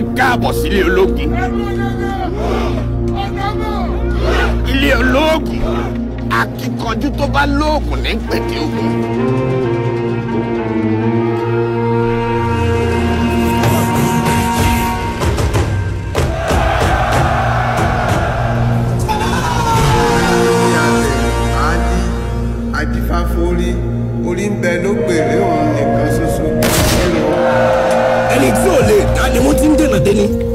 ẹ káàbọ̀ sílé ológun ilé ológun akíkanjú tó bá lóògùn ní pètè ogun. orí ń bẹ ló pèrè òun ò lè ta ni mo ti ń dènà dé ni.